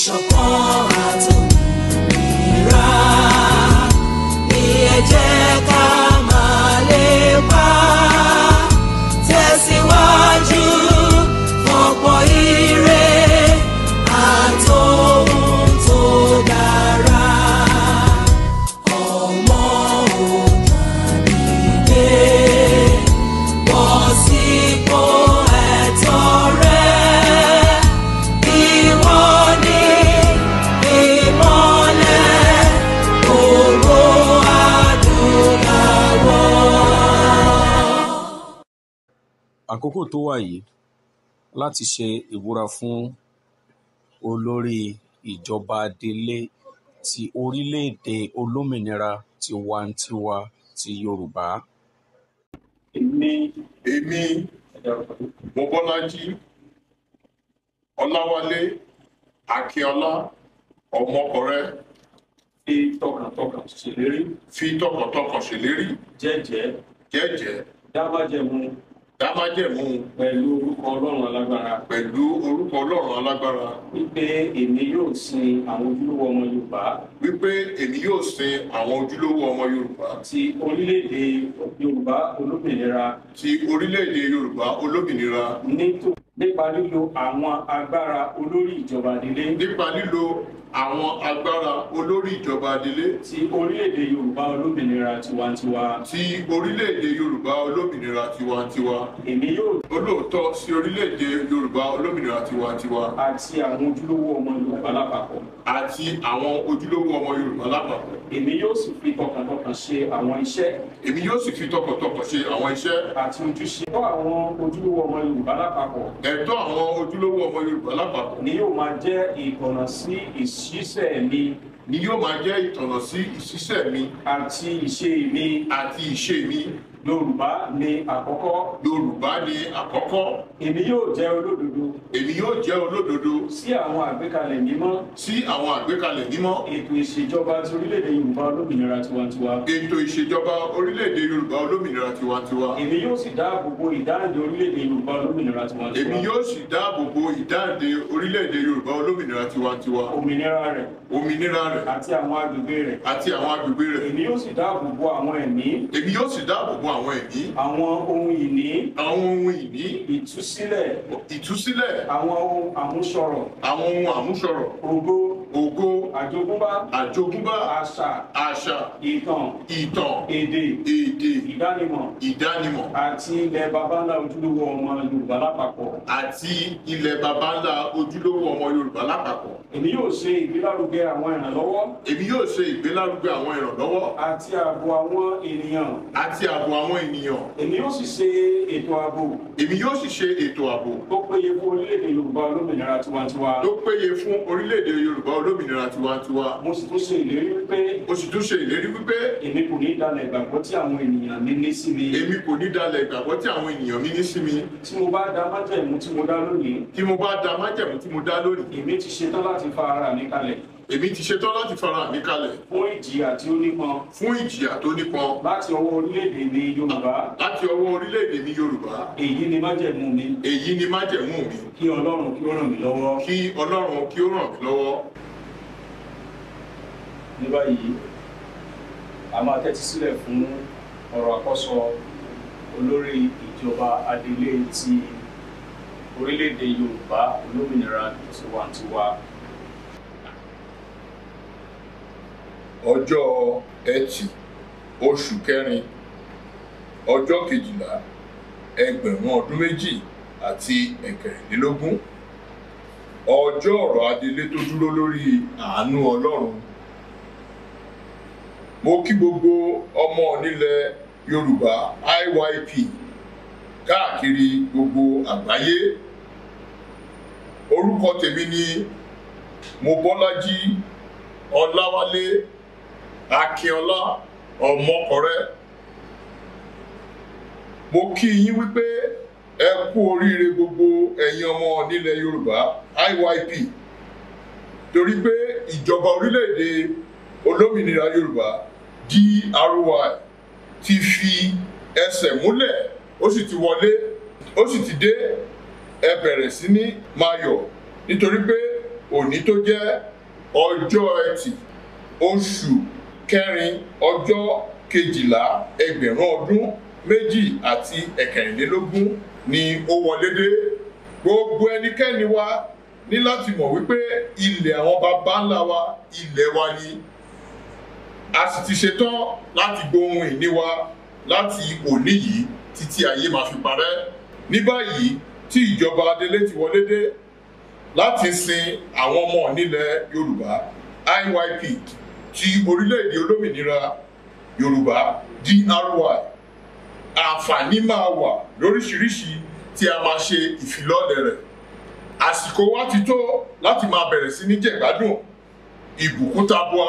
Isho kwa àkókò tó wà yìí láti ṣe ìbúra fún olórí ìjọba délé ti orílẹ̀-èdè olómìnira tiwantiwa ti Yorùbá. Èmi èmi Mobọ́lájí Ọláwálé Akíọlá Ọmọkọrẹ fi tọkàntọkàn ṣèlérí. fi tọkàntọkàn ṣèlérí. jẹ́jẹ́. jẹ́jẹ́. dábàjẹ́ mu dámájẹ̀mú pẹ̀lú orúkọ ọlọ́run alágbára. pẹ̀lú orúkọ ọlọ́run alágbára. wípé èmi yóò sin àwọn ojúlówó ọmọ yorùbá. wípé èmi yóò sin àwọn ojúlówó ọmọ yorùbá. ti orílẹ̀-èdè yorùbá olómìnira. ti orílẹ̀-èdè yorùbá olómìnira. nípa lílo àwọn agbára olórí ìjọba délé. nípa lílo àwọn agbára olórí ìjọba adelé. ti orílẹ̀-èdè yorùbá olómìnira tiwantiwa. ti orílẹ̀-èdè yorùbá olómìnira tiwantiwa. èmi yóò. olóòótọ́ sí orílẹ̀-èdè yorùbá olómìnira tiwantiwa. àti àwọn ojúlówó ọmọ yorùbá lápapọ̀. àti àwọn ojúlówó ọmọ yorùbá lápapọ̀. èmi yóò sì fi tọkàntọkàn ṣe àwọn iṣẹ́. èmi yóò sì fi tọkàntọkàn ṣe àwọn iṣẹ́. àti ojúṣe. ẹ̀tọ́ àwọn ojúlówó ọmọ yorùbá lápapọ̀. ẹ̀tọ́ àwọn ojúlówó ọmọ yorùbá lápapọ̀. ni yóò máa jẹ́ ìkànnà sí ìs ìṣiṣẹ́ mi. ni yóò máa jẹ́ ìtọ̀nà sí ìṣiṣẹ́ mi. àti ìṣe mi. àti ìṣe mi yorùbá ni àkọ́kọ́. yorùbá ni àkọ́kọ́. èmi yóò jẹ́ olódodo. èmi yóò jẹ́ olódodo. sí àwọn àgbékalẹ̀ mímọ́. sí àwọn àgbékalẹ̀ mímọ́. ètò ìṣèjọba ti orílẹ̀-èdè yorùbá olómìnira tiwantiwa. ètò ìṣèjọba orílẹ̀-èdè yorùbá olómìnira tiwantiwa. èmi yóò sì dáàbò bo ìdáǹdè orílẹ̀-èdè yorùbá olómìnira tiwantiwa. èmi yóò sì dáàbò bo ìdáǹdè orílẹ̀-èdè yorùbá olómìnira tiwantiwa. òmìnira rẹ̀. òmìnira rẹ̀. àti àwọn agbègbè rẹ̀. àti àwọn agbègbè rẹ̀. èmi yóò sì dáàbò bo àwọn ẹ̀mí. èmi yóò sì dáàbò bo àwọn àwọn ìní. àwọn ohun ìní. àwọn ohun ìní. ìtúsílẹ̀. ìtúsílẹ̀. àwọn ohun àmúṣọrọ̀. àwọn ohun àmúṣọrọ̀. ògo. ògo. àjogúnbá. àjogúnbá. àṣà. àṣà. ìtàn. ìtàn. èdè. èdè. ìdánimọ̀. ìdánimọ̀. àti ilẹ̀ baba ńlá ojúlówó ọmọ yorùbá lápapọ̀. àti ilẹ̀ baba ńlá ojúlówó ọmọ yorùbá lápapọ̀. èmi yóò ṣe ìgbélárugẹ àwọn ìrànlọ́wọ́. èmi yóò ṣe ìgbélárugẹ àwọn ìrànlọ́wọ́. àti ààbò àwọn ènìyàn. àti ààbò àwọn ènìyàn. èmi yóò sì ṣe ètò ààbò. èmi yóò sì ṣe ètò ààbò. tó péye fún orílẹ̀-èdè yorùbá olómìnira tiwantiwa. tó péye fún orílẹ̀-èdè yorùbá olómìnira tiwantiwa. mo sì tún ṣe ìlérí wípé. mo sì tún ṣe ìlérí wípé. èmi kò ní dalẹ̀ ìgbàgbọ́ tí àwọn ènìyàn mi ní sí mi. èmi kò ní dalẹ̀ ìgbàgbọ́ tí àwọn ènìyàn mi ní sí mi. tí mo bá da májẹ̀mú tí mo dá lónìí. tí mo bá da májẹ̀mú tí mo dá lónìí. èmi ti ṣetán láti fa ara mi kalẹ̀ èmi ti ṣetán láti fara mi kalẹ̀. fún ìjìyà tí ó nípọn. fún ìjìyà tó nípọn. láti ọwọ́ orílẹ̀-èdè mi yorùbá. láti ọwọ́ orílẹ̀-èdè mi yorùbá. èyí ni májẹ̀mú mi. èyí ni májẹ̀mú mi. kí ọlọ́run kí ó ràn mí lọ́wọ́. kí ọlọ́run kí ó ràn mí lọ́wọ́. ní báyìí a máa tẹ́tí sílẹ̀ fún ọ̀rọ̀ àkọ́sọ olórí ìjọba adelé ti orílẹ̀-èdè yorùbá olómìnira tiwantiwa. ọjọ́ ẹtì oṣù kẹrin ọjọ́ kejìlá ẹgbẹ̀rún ọdún méjì àti ẹ̀kẹrìnlélógún ọjọ́ ọ̀rọ̀ adelé tó dúró lórí àánú ọlọ́run mo kí gbogbo ọmọ nílẹ̀ yorùbá IYP káàkiri gbogbo àgbáyé orúkọ tèmi ni mobọ́lájí ọláwálé akínọlá ọmọkọrẹ mo kí yín wípé ẹ kú oríire gbogbo ẹ̀yin ọmọ nílẹ̀ yorùbá IYP torí pé ìjọba orílẹ̀-èdè olómìnira yorùbá DRY ti fi ẹsẹ̀ múlẹ̀ ó sì ti wọlé ó sì ti dé ẹ bẹ̀rẹ̀ sí ní máa yọ̀ nítorí pé òní tó jẹ́ ọjọ́ ẹtì oṣù kẹrin ọjọ́ kejìlá ẹgbẹ̀rún ọdún méjì àti ẹ̀kẹrìnlélógún ni ó wọlé dé gbogbo ẹnikẹ́ni wa ní láti mọ̀ wípé ilẹ̀ àwọn baba ńlá wa ilẹ̀ wa ni a sì ti ṣetán láti gbohun ìní wa láti òní yìí títí ayé máa fi parẹ́ ní báyìí tí ìjọba adelé ti wọlé dé láti sin àwọn ọmọ nílẹ̀ Yorùbá IYP ti orílẹ̀-èdè olómìnira yorùbá DRY àǹfààní máa wà lóríṣiríṣi tí a máa ṣe ìfilọ́lẹ̀ rẹ̀ àsìkò wa ti tó láti máa bẹ̀rẹ̀ sí ní jẹ̀gbádùn ìbùkútabua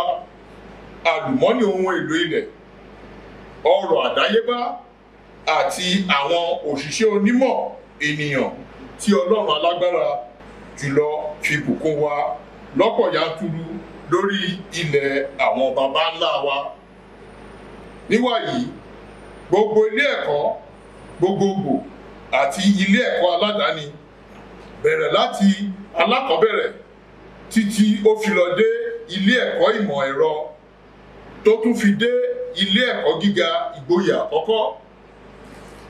àlùmọ́nì ohun èlò ilẹ̀ ọrọ̀ àdáyébá àti àwọn òṣìṣẹ́ onímọ̀ ènìyàn tí ọlọ́run alágbára jùlọ fi bùkún wa lọ́pọ̀ yanturu lórí ilẹ̀ àwọn baba ńlá wa níwáyí gbogbo ilé ẹ̀kọ́ gbogbogbò àti ilé ẹ̀kọ́ aládàáni bẹ̀rẹ̀ láti alákọ̀ọ́bẹ̀rẹ̀ títí ó fi lọ dé ilé ẹ̀kọ́ ìmọ̀ ẹ̀rọ tó tún fi dé ilé ẹ̀kọ́ gíga ìgboyà àkọ́kọ́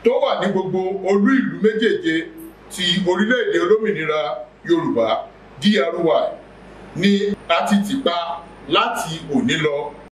tó wà ní gbogbo olú ìlú méjèèje ti orílẹ̀-èdè olómìnira Yorùbá DRY ni a ti tìpa láti òní lọ.